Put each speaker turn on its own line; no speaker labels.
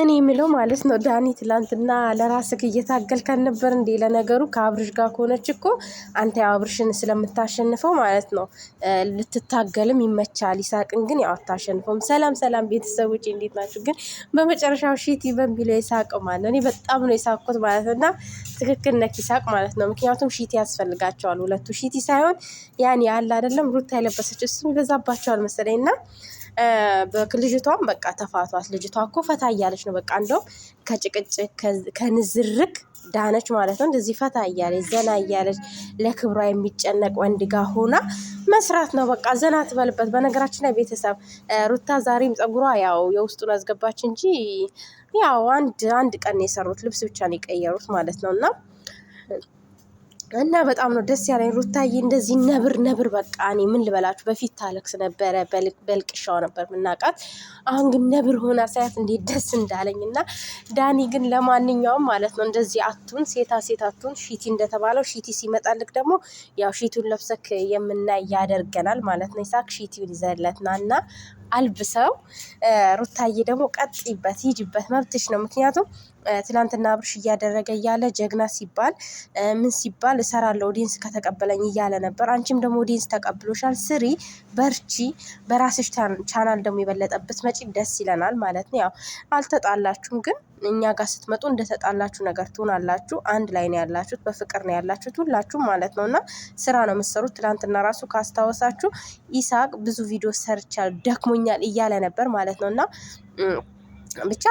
እኔ የምለው ማለት ነው ዳኒ፣ ትላንትና ለራስህ እየታገልከን ነበር እንዴ? ለነገሩ ከአብርሽ ጋር ከሆነች እኮ አንተ ያው አብርሽን ስለምታሸንፈው ማለት ነው ልትታገልም ይመቻል። ይሳቅን ግን ያው አታሸንፈውም። ሰላም ሰላም ቤተሰብ ውጭ እንዴት ናችሁ? ግን በመጨረሻው ሺቲ በሚለው የሳቅ ማለት ነው እኔ በጣም ነው የሳቅኩት ማለት ነው። እና ትክክል ነክ ይሳቅ ማለት ነው። ምክንያቱም ሺቲ ያስፈልጋቸዋል ሁለቱ ሺቲ ሳይሆን ያን ያለ አይደለም ሩታ የለበሰችው እሱም ይበዛባቸዋል መሰለኝ እና ልጅቷም በቃ ተፋቷት። ልጅቷ እኮ ፈታ እያለች ነው። በቃ እንደውም ከጭቅጭቅ ከንዝርቅ ዳነች ማለት ነው። እንደዚህ ፈታ እያለች ዘና እያለች ለክብሯ የሚጨነቅ ወንድ ጋር ሆና መስራት ነው። በቃ ዘና ትበልበት። በነገራችን ላይ ቤተሰብ ሩታ ዛሬም ጸጉሯ ያው የውስጡን አስገባች እንጂ ያው አንድ አንድ ቀን የሰሩት ልብስ ብቻ ነው የቀየሩት ማለት ነው እና እና በጣም ነው ደስ ያለኝ። ሩታዬ እንደዚህ ነብር ነብር በቃ እኔ ምን ልበላችሁ፣ በፊት ታለቅስ ነበረ፣ በልቅሻው ነበር ምናቃት። አሁን ግን ነብር ሆና ሳያት እንዴት ደስ እንዳለኝ እና ዳኒ ግን ለማንኛውም ማለት ነው እንደዚህ አቱን ሴታ ሴት አቱን ሺቲ እንደተባለው ሺቲ ሲመጣልክ ደግሞ ያው ሺቱን ለብሰክ የምናይ ያደርገናል ማለት ነው። ይሳክ ሺቲውን ይዘለትና እና አልብሰው። ሩታዬ ደግሞ ቀጥይበት፣ ሂጅበት፣ መብትሽ ነው። ምክንያቱም ትናንትና አብርሽ እያደረገ እያለ ጀግና ሲባል ምን ሲባል እሰራለሁ ኦዲንስ ከተቀበለኝ እያለ ነበር። አንቺም ደግሞ ኦዲንስ ተቀብሎሻል፣ ስሪ፣ በርቺ። በራስሽ ቻናል ደግሞ የበለጠበት መጪ ደስ ይለናል ማለት ነው። ያው አልተጣላችሁም፣ ግን እኛ ጋር ስትመጡ እንደተጣላችሁ ነገር ትሆናላችሁ። አንድ ላይ ነው ያላችሁት፣ በፍቅር ነው ያላችሁት ሁላችሁም ማለት ነው። እና ስራ ነው የምትሰሩት። ትላንትና ራሱ ካስታወሳችሁ ኢሳቅ ብዙ ቪዲዮ ሰርቻል ደክሞኝ ይገኛል እያለ ነበር ማለት ነው እና ብቻ